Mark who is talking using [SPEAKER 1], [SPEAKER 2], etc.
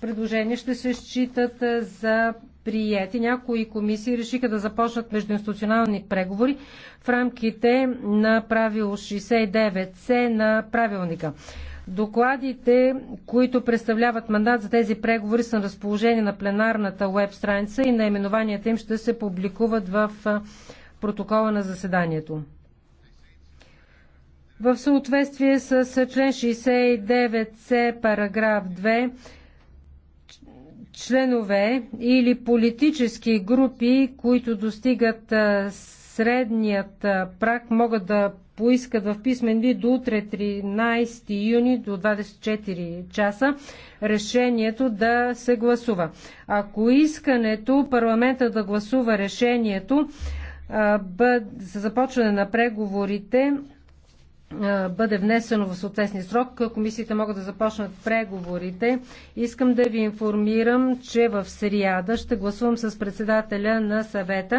[SPEAKER 1] предложения ще се считат е, за прияти. Някои комисии решиха да започнат междуинституционални преговори в рамките на правило 69C на правилника. Докладите, които представляват мандат за тези преговори са на разположение на пленарната веб страница и наименованията им ще се публикуват в е, протокола на заседанието. В съответствие с е, член 69C параграф 2 членове или политически групи, които достигат средният прак, могат да поискат в писмен вид до утре 13 юни до 24 часа решението да се гласува. Ако искането парламента да гласува решението за започване на преговорите бъде внесено в съответния срок, комисиите могат да започнат преговорите. Искам да ви информирам, че в сряда ще гласувам с председателя на съвета.